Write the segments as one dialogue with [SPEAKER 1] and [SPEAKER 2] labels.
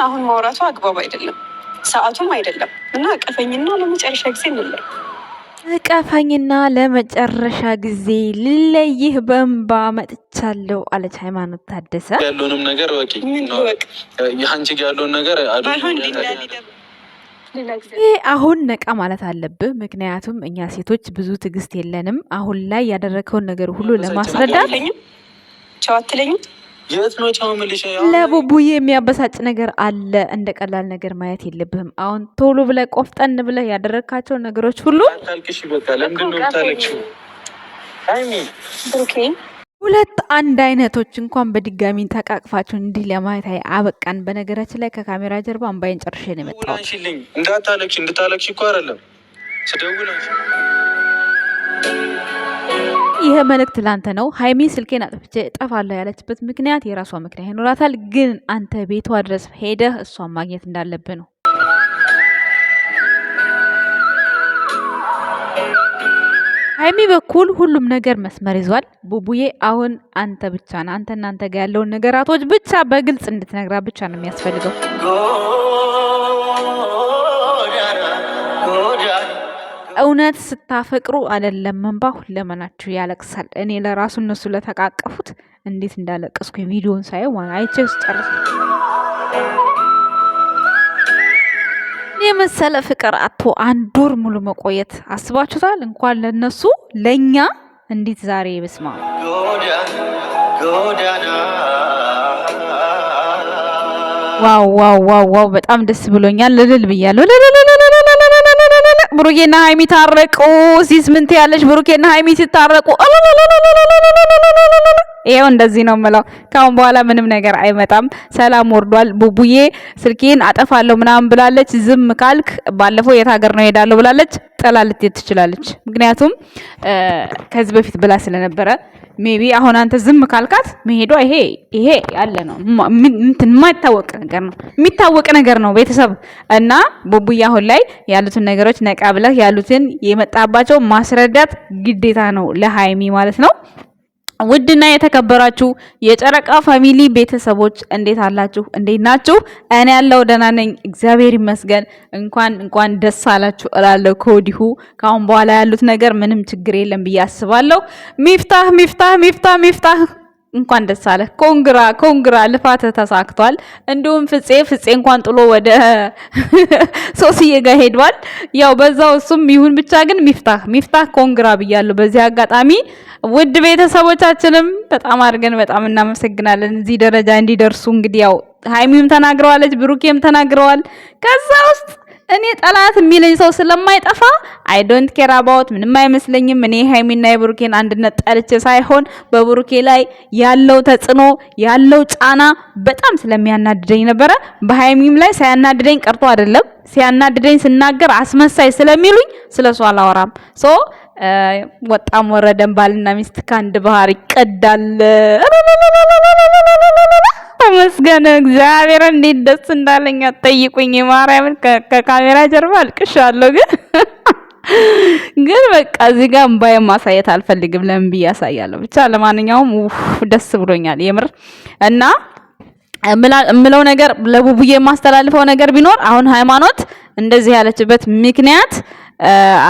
[SPEAKER 1] ግን አሁን ማውራቱ አግባብ አይደለም፣ ሰዓቱም አይደለም እና እቀፈኝና ለመጨረሻ ጊዜ እንለይ
[SPEAKER 2] እቀፈኝና ለመጨረሻ ጊዜ ልለይህ በእንባ መጥቻለሁ አለች ሃይማኖት ታደሰ።
[SPEAKER 3] ያለውንም ነገር ወቂ ያለውን ነገር
[SPEAKER 2] ይህ አሁን ነቃ ማለት አለብህ። ምክንያቱም እኛ ሴቶች ብዙ ትዕግስት የለንም። አሁን ላይ ያደረከውን ነገር ሁሉ ለማስረዳት ቻው አትለኝም ለቡቡዬ የሚያበሳጭ ነገር አለ። እንደ ቀላል ነገር ማየት የለብህም። አሁን ቶሎ ብለህ ቆፍጠን ብለህ ያደረግካቸው ነገሮች ሁሉ ሁለት አንድ አይነቶች እንኳን በድጋሚ ተቃቅፋችሁ እንዲህ ለማየት አበቃን። በነገራችን ላይ ከካሜራ ጀርባ አምባይን ጨርሼ ነው
[SPEAKER 3] የመጣሁት። እንዳታለቅሽ እንድታለቅሽ እኮ አይደለም ስደውል
[SPEAKER 2] ይሄ መልእክት ላንተ ነው። ሀይሚ ስልኬን አጥፍቼ እጠፋለሁ ያለችበት ምክንያት የራሷ ምክንያት ይኖራታል። ግን አንተ ቤቷ ድረስ ሄደህ እሷን ማግኘት እንዳለብህ ነው። ሀይሚ በኩል ሁሉም ነገር መስመር ይዟል። ቡቡዬ አሁን አንተ ብቻ ና አንተ እናንተ ጋር ያለውን ነገራቶች ብቻ በግልጽ እንድትነግራ ብቻ ነው የሚያስፈልገው። እውነት ስታፈቅሩ አይደለም እንባ ሁለመናችሁ ያለቅሳል። እኔ ለራሱ እነሱ ለተቃቀፉት እንዴት እንዳለቀስኩ ቪዲዮን ሳየው አይቼ ስጨርስ የመሰለ ፍቅር አቶ አንድ ወር ሙሉ መቆየት አስባችሁታል? እንኳን ለነሱ ለእኛ እንዴት ዛሬ ይብስማ ዋው ዋው ዋው ዋው! በጣም ደስ ብሎኛል። ልልል ብያለሁ። ብሩኬና ሀይሚ ታረቁ ሲስ ምን ትያለሽ? ብሩኬና ሀይሚ ሲታረቁ ይሄው እንደዚህ ነው የምለው። ካሁን በኋላ ምንም ነገር አይመጣም። ሰላም ወርዷል። ቡቡዬ ስልኬን አጠፋለሁ ምናምን ብላለች። ዝም ካልክ ባለፈው የት ሀገር ነው ሄዳለሁ ብላለች። ጥላ ልትሄድ ትችላለች። ምክንያቱም ከዚህ በፊት ብላ ስለነበረ ሜቢ አሁን አንተ ዝም ካልካት መሄዷ ይሄ ይሄ ያለ ነው እንትን የማይታወቅ ነገር ነው የሚታወቅ ነገር ነው ቤተሰብ እና ቡቡዬ አሁን ላይ ያሉትን ነገሮች ነቃ ብለህ ያሉትን የመጣባቸው ማስረዳት ግዴታ ነው ለሀይሚ ማለት ነው። ውድና የተከበራችሁ የጨረቃ ፋሚሊ ቤተሰቦች እንዴት አላችሁ? እንዴት ናችሁ? እኔ ያለው ደህና ነኝ፣ እግዚአብሔር ይመስገን። እንኳን እንኳን ደስ አላችሁ እላለሁ ከወዲሁ። ከአሁን በኋላ ያሉት ነገር ምንም ችግር የለም ብዬ አስባለሁ። ሚፍታህ ሚፍታህ ሚፍታህ ሚፍታህ እንኳን ደስ አለ። ኮንግራ ኮንግራ፣ ልፋት ተሳክቷል። እንዲሁም ፍፄ ፍፄ እንኳን ጥሎ ወደ ሶስዬ ጋር ሄዷል። ያው በዛው እሱም ይሁን ብቻ ግን ሚፍታህ ሚፍታህ ኮንግራ ብያለሁ። በዚህ አጋጣሚ ውድ ቤተሰቦቻችንም በጣም አድርገን በጣም እናመሰግናለን። እዚህ ደረጃ እንዲደርሱ እንግዲህ ያው ሀይሚም ተናግረዋለች፣ ብሩኬም ተናግረዋል። ከዛ ውስጥ እኔ ጠላት የሚለኝ ሰው ስለማይጠፋ አይ ዶንት ኬር አባውት ምንም አይመስለኝም። እኔ ሃይሚና የብሩኬን አንድነት ጠልቼ ሳይሆን በብሩኬ ላይ ያለው ተጽዕኖ ያለው ጫና በጣም ስለሚያናድደኝ ነበረ። በሃይሚም ላይ ሳያናድደኝ ቀርቶ አይደለም፣ ሲያናድደኝ ስናገር አስመሳይ ስለሚሉኝ ስለሱ አላወራም። ሶ ወጣም ወረደን ባልና ሚስት ከአንድ ባህር ይቀዳል። ተመስገን እግዚአብሔር። እንዴት ደስ እንዳለኝ አትጠይቁኝ። ማርያምን ከካሜራ ጀርባ አልቅሻለሁ፣ ግን ግን በቃ እዚህ ጋር እምባዬ ማሳየት አልፈልግም። ለምን ብዬ አሳያለሁ። ብቻ ለማንኛውም ደስ ብሎኛል የምር እና ምለው ነገር ለቡቡዬ የማስተላልፈው ነገር ቢኖር አሁን ሃይማኖት እንደዚህ ያለችበት ምክንያት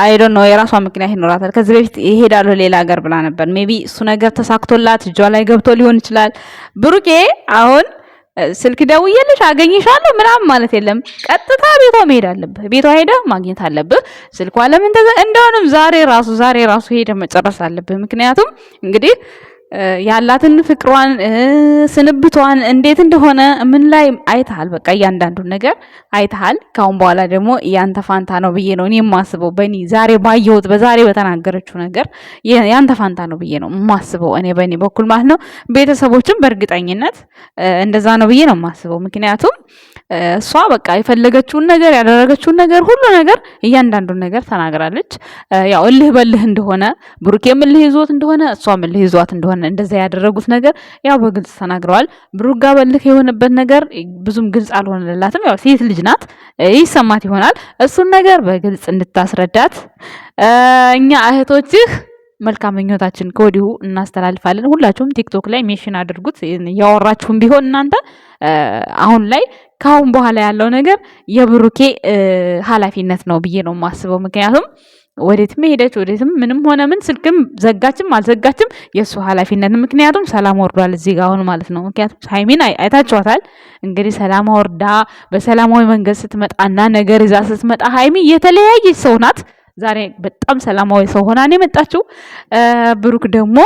[SPEAKER 2] አይዶን uh, የራሷ ምክንያት ይኖራታል። ከዚህ በፊት ይሄዳለሁ ሌላ ሀገር ብላ ነበር። ሜቢ እሱ ነገር ተሳክቶላት እጇ ላይ ገብቶ ሊሆን ይችላል። ብሩኬ አሁን uh, ስልክ ደውዬልሽ አገኝሻለሁ ምናምን ማለት የለም። ቀጥታ ቤቷ መሄድ አለብህ። ቤቷ ሄደ ማግኘት አለብህ። ስልኳ ለምን እንደሆነም ዛሬ ራሱ ዛሬ ራሱ ሄደ መጨረስ አለብህ። ምክንያቱም እንግዲህ ያላትን ፍቅሯን ስንብቷን እንዴት እንደሆነ ምን ላይ አይተሃል። በቃ እያንዳንዱን ነገር አይተሃል። ካሁን በኋላ ደግሞ ያንተ ፋንታ ነው ብዬ ነው እኔ የማስበው። በ ዛሬ ባየሁት በዛሬ በተናገረችው ነገር ያንተ ፋንታ ነው ብዬ ነው የማስበው እኔ በእኔ በኩል ማለት ነው። ቤተሰቦችም በእርግጠኝነት እንደዛ ነው ብዬ ነው የማስበው። ምክንያቱም እሷ በቃ የፈለገችውን ነገር ያደረገችውን ነገር ሁሉ ነገር እያንዳንዱን ነገር ተናግራለች። ያው እልህ በልህ እንደሆነ ብሩኬም እልህ ይዞት እንደሆነ እሷም እልህ ይዟት እንደሆነ እንደዚ ያደረጉት ነገር ያው በግልጽ ተናግረዋል። ብሩጋ በልክ የሆነበት ነገር ብዙም ግልጽ አልሆነላትም። ያው ሴት ልጅ ናት ይሰማት ይሆናል። እሱን ነገር በግልጽ እንድታስረዳት እኛ እህቶችህ መልካም ምኞታችን ከወዲሁ እናስተላልፋለን። ሁላችሁም ቲክቶክ ላይ ሜሽን አድርጉት። እያወራችሁም ቢሆን እናንተ አሁን ላይ ከአሁን በኋላ ያለው ነገር የብሩኬ ኃላፊነት ነው ብዬ ነው የማስበው ምክንያቱም ወዴትም ሄደች ወዴትም ምንም ሆነ ምን ስልክም ዘጋችም አልዘጋችም የእሱ ኃላፊነት። ምክንያቱም ሰላም ወርዷል እዚህ ጋር አሁን ማለት ነው። ምክንያቱም ሀይሚን አይታችኋታል እንግዲህ ሰላም ወርዳ በሰላማዊ መንገድ ስትመጣና ነገር ይዛ ስትመጣ ሀይሚ የተለያየች ሰው ናት። ዛሬ በጣም ሰላማዊ ሰው ሆና ነው የመጣችው። ብሩክ ደግሞ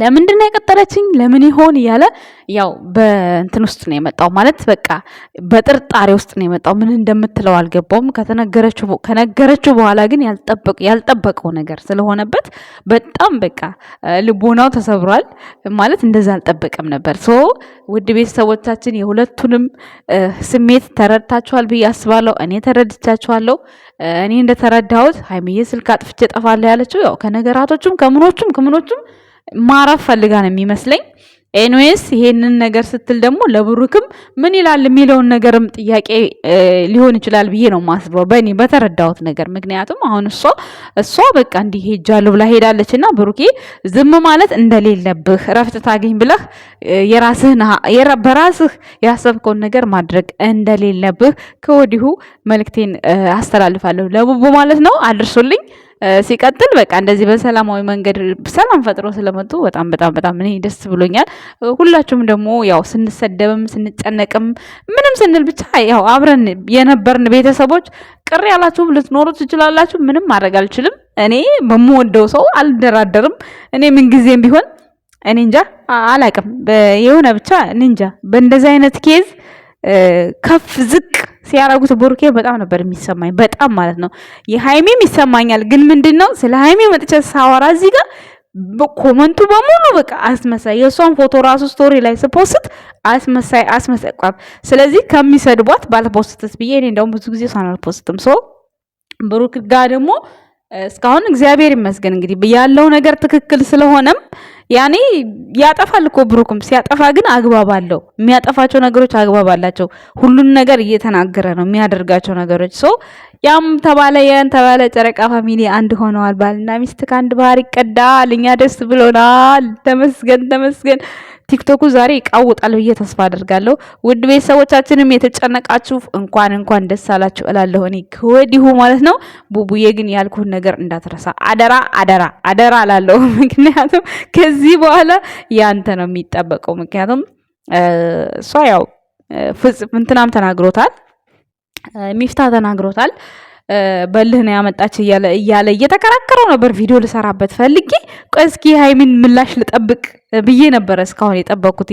[SPEAKER 2] ለምንድን ነው የቀጠረችኝ? ለምን ይሆን እያለ ያው በእንትን ውስጥ ነው የመጣው ማለት በቃ በጥርጣሬ ውስጥ ነው የመጣው። ምን እንደምትለው አልገባውም። ከተነገረችው ከነገረችው በኋላ ግን ያልጠበቀው ነገር ስለሆነበት በጣም በቃ ልቦናው ተሰብሯል። ማለት እንደዛ አልጠበቀም ነበር። ሶ ውድ ቤተሰቦቻችን የሁለቱንም ስሜት ተረድታችኋል ብዬ አስባለሁ። እኔ ተረድቻችኋለሁ። እኔ እንደተረዳሁት ሀይሚዬ ስልክ አጥፍቼ ጠፋለሁ ያለችው ያው ከነገራቶቹም ከምኖቹም ከምኖቹም ማረፍ ፈልጋ ነው የሚመስለኝ። ኤንዌስ ይሄንን ነገር ስትል ደግሞ ለብሩክም ምን ይላል የሚለውን ነገርም ጥያቄ ሊሆን ይችላል ብዬ ነው ማስበው በእኔ በተረዳሁት ነገር። ምክንያቱም አሁን እሷ እሷ በቃ እንዲህ ሄጃለሁ ብላ ሄዳለች እና ብሩኬ ዝም ማለት እንደሌለብህ እረፍት ታገኝ ብለህ የራስህን በራስህ ያሰብከውን ነገር ማድረግ እንደሌለብህ ከወዲሁ መልክቴን አስተላልፋለሁ ለቡቡ ማለት ነው። አድርሱልኝ። ሲቀጥል በቃ እንደዚህ በሰላማዊ መንገድ ሰላም ፈጥሮ ስለመጡ በጣም በጣም በጣም እኔ ደስ ብሎኛል። ሁላችሁም ደግሞ ያው ስንሰደብም ስንጨነቅም ምንም ስንል ብቻ ያው አብረን የነበርን ቤተሰቦች ቅር ያላችሁም ልትኖሩ ትችላላችሁ። ምንም ማድረግ አልችልም። እኔ በምወደው ሰው አልደራደርም። እኔ ምንጊዜም ቢሆን እኔ እንጃ አላቅም የሆነ ብቻ እኔ እንጃ በእንደዚህ አይነት ኬዝ ከፍ ዝቅ ሲያረጉት ብሩኬ በጣም ነበር የሚሰማኝ፣ በጣም ማለት ነው። የሃይሜም ይሰማኛል። ግን ምንድን ነው ስለ ሃይሜ መጥቼ ሳወራ እዚህ ጋር ኮመንቱ በሙሉ በቃ አስመሳይ፣ የእሷን ፎቶ ራሱ ስቶሪ ላይ ስፖስት አስመሳይ አስመሳይ ቋት ስለዚህ ከሚሰድቧት ባልፖስትስ ብዬ እኔ እንደውም ብዙ ጊዜ እሷን አልፖስትም። ሶ ብሩክ ጋር ደግሞ እስካሁን እግዚአብሔር ይመስገን እንግዲህ ያለው ነገር ትክክል ስለሆነም ያኔ ያጠፋል እኮ ብሩክም ሲያጠፋ ግን አግባብ አለው። የሚያጠፋቸው ነገሮች አግባብ አላቸው። ሁሉን ነገር እየተናገረ ነው የሚያደርጋቸው ነገሮች ሶ ያም ተባለ ያን ተባለ ጨረቃ ፋሚሊ አንድ ሆነዋል። ባልና ሚስት ከአንድ ባህር ይቀዳል። እኛ ደስ ብሎናል። ተመስገን ተመስገን። ቲክቶኩ ዛሬ ይቃውጣል ብዬ ተስፋ አደርጋለሁ። ውድ ቤተሰቦቻችንም የተጨነቃችሁ እንኳን እንኳን ደስ አላችሁ እላለሁ እኔ ከወዲሁ ማለት ነው። ቡቡዬ ግን ያልኩህን ነገር እንዳትረሳ አደራ አደራ አደራ እላለሁ። ምክንያቱም ከዚህ በኋላ ያንተ ነው የሚጠበቀው። ምክንያቱም እሷ ያው ፍጽም እንትናም ተናግሮታል፣ ሚፍታ ተናግሮታል በልህ ነው ያመጣች እያለ እያለ እየተከራከረው ነበር። ቪዲዮ ልሰራበት ፈልጌ እስኪ ሀይሚን ምላሽ ልጠብቅ ብዬ ነበረ እስካሁን የጠበቅኩት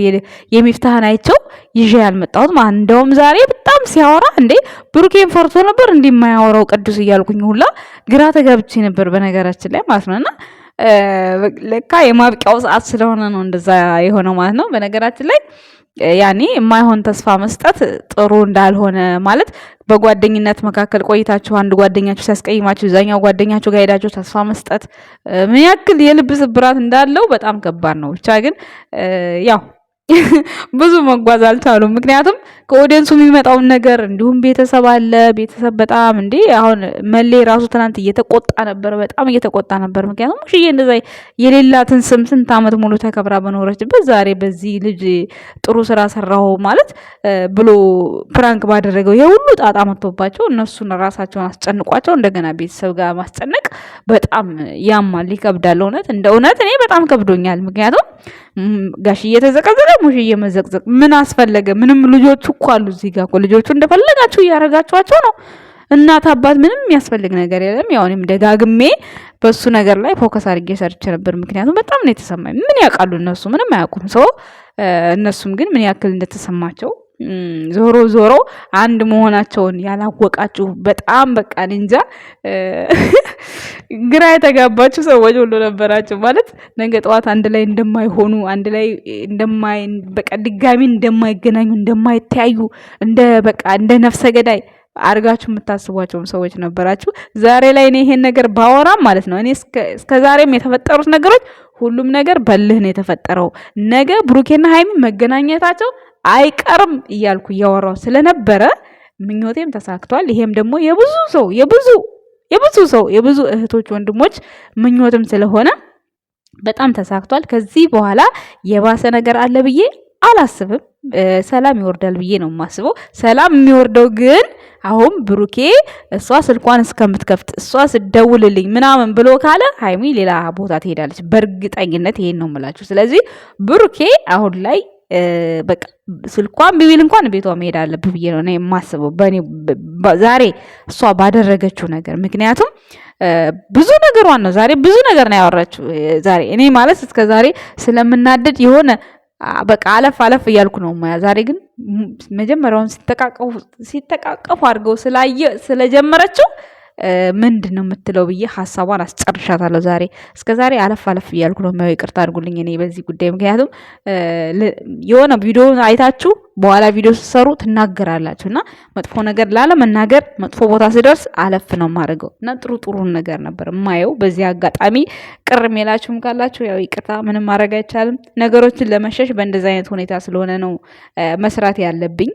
[SPEAKER 2] የሚፍታህን አይቸው ይዤ ያልመጣሁት ማለት እንደውም ዛሬ በጣም ሲያወራ እንዴ ብሩኬን ፈርቶ ነበር እንዲህ የማያወራው ቅዱስ እያልኩኝ ሁላ ግራ ተጋብቼ ነበር በነገራችን ላይ ማለት ነው እና ለካ የማብቂያው ሰዓት ስለሆነ ነው እንደዛ የሆነው ማለት ነው። በነገራችን ላይ ያኔ የማይሆን ተስፋ መስጠት ጥሩ እንዳልሆነ ማለት በጓደኝነት መካከል ቆይታችሁ አንድ ጓደኛችሁ ሲያስቀይማችሁ እዛኛው ጓደኛችሁ ጋር ሄዳችሁ ተስፋ መስጠት ምን ያክል የልብ ስብራት እንዳለው በጣም ከባድ ነው። ብቻ ግን ያው ብዙ መጓዝ አልቻሉም። ምክንያቱም ከኦዲየንሱ የሚመጣውን ነገር እንዲሁም ቤተሰብ አለ። ቤተሰብ በጣም እንዴ አሁን መሌ ራሱ ትናንት እየተቆጣ ነበር፣ በጣም እየተቆጣ ነበር። ምክንያቱም ሽዬ እንደዛ የሌላትን ስም ስንት ዓመት ሙሉ ተከብራ በኖረችበት ዛሬ በዚህ ልጅ ጥሩ ስራ ሰራሁ ማለት ብሎ ፕራንክ ባደረገው ይሄ ሁሉ ጣጣ መጥቶባቸው እነሱን ራሳቸውን አስጨንቋቸው እንደገና ቤተሰብ ጋር ማስጨነቅ በጣም ያማል፣ ይከብዳል። እውነት እንደ እውነት እኔ በጣም ከብዶኛል ምክንያቱም ጋሽዬ እየተዘቀዘቀ ሙሽ እየመዘቅዘቅ ምን አስፈለገ? ምንም ልጆቹ እኮ አሉ እዚህ ጋር እኮ ልጆቹ እንደፈለጋችሁ እያረጋችኋቸው ነው። እናት አባት ምንም የሚያስፈልግ ነገር የለም። ያው እኔም ደጋግሜ በሱ ነገር ላይ ፎከስ አድርጌ ሰርቼ ነበር፣ ምክንያቱም በጣም ነው የተሰማኝ። ምን ያውቃሉ እነሱ ምንም አያውቁም። ሰው እነሱም ግን ምን ያክል እንደተሰማቸው ዞሮ ዞሮ አንድ መሆናቸውን ያላወቃችሁ በጣም በቃ እንጃ ግራ የተጋባችሁ ሰዎች ሁሉ ነበራችሁ። ማለት ነገ ጠዋት አንድ ላይ እንደማይሆኑ አንድ ላይ እንደማይ በቃ ድጋሚ እንደማይገናኙ እንደማይተያዩ እንደ በቃ እንደ ነፍሰ ገዳይ አድርጋችሁ የምታስቧቸውም ሰዎች ነበራችሁ። ዛሬ ላይ እኔ ይሄን ነገር ባወራም ማለት ነው እኔ እስከ ዛሬም የተፈጠሩት ነገሮች ሁሉም ነገር በልህ ነው የተፈጠረው። ነገ ብሩኬና ሀይሚ መገናኘታቸው አይቀርም እያልኩ እያወራው ስለነበረ ምኞቴም ተሳክቷል። ይሄም ደግሞ የብዙ ሰው የብዙ የብዙ ሰው የብዙ እህቶች ወንድሞች ምኞትም ስለሆነ በጣም ተሳክቷል። ከዚህ በኋላ የባሰ ነገር አለ ብዬ አላስብም። ሰላም ይወርዳል ብዬ ነው የማስበው። ሰላም የሚወርደው ግን አሁን ብሩኬ እሷ ስልኳን እስከምትከፍት እሷ ስደውልልኝ ምናምን ብሎ ካለ ሀይሚ ሌላ ቦታ ትሄዳለች። በእርግጠኝነት ይሄን ነው የምላችሁ። ስለዚህ ብሩኬ አሁን ላይ በቃ ስልኳን ቢቢል እንኳን ቤቷ መሄድ አለብ ብዬ ነው የማስበው በእኔ ዛሬ እሷ ባደረገችው ነገር። ምክንያቱም ብዙ ነገሯን ነው ዛሬ ብዙ ነገር ነው ያወራችው ዛሬ። እኔ ማለት እስከ ዛሬ ስለምናደድ የሆነ በቃ አለፍ አለፍ እያልኩ ነው ሙያ። ዛሬ ግን መጀመሪያውን ሲተቃቀፉ አድርገው ስለጀመረችው ምንድን ነው የምትለው ብዬ ሀሳቧን አስጨርሻታለሁ። ዛሬ እስከ ዛሬ አለፍ አለፍ እያልኩ ነው የማየው። ይቅርታ አድርጉልኝ እኔ በዚህ ጉዳይ ምክንያቱም የሆነ ቪዲዮውን አይታችሁ በኋላ ቪዲዮ ስትሰሩ ትናገራላችሁ እና መጥፎ ነገር ላለ መናገር መጥፎ ቦታ ስደርስ አለፍ ነው የማደርገው እና ጥሩ ጥሩን ነገር ነበር ማየው በዚህ አጋጣሚ ቅር ሜላችሁም ካላችሁ ያው ይቅርታ፣ ምንም ማድረግ አይቻልም። ነገሮችን ለመሸሽ በእንደዚ አይነት ሁኔታ ስለሆነ ነው መስራት ያለብኝ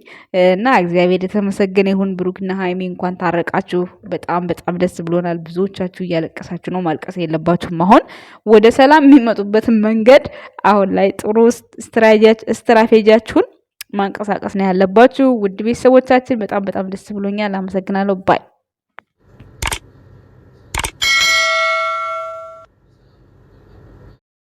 [SPEAKER 2] እና እግዚአብሔር የተመሰገነ ይሁን። ብሩክና ሀይሚ እንኳን ታረቃችሁ። በጣም በጣም ደስ ብሎናል። ብዙዎቻችሁ እያለቀሳችሁ ነው። ማልቀስ የለባችሁም። አሁን ወደ ሰላም የሚመጡበትን መንገድ አሁን ላይ ጥሩ ስትራቴጂያችሁን ማንቀሳቀስ ነው ያለባችሁ። ውድ ቤተሰቦቻችን በጣም በጣም ደስ ብሎኛል። አመሰግናለሁ ባይ